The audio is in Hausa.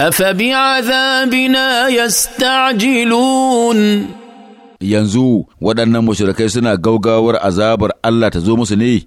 أفبعذابنا يستعجلون yanzu waɗannan mashirikai suna gaugawar azabar Allah ta zo musu ne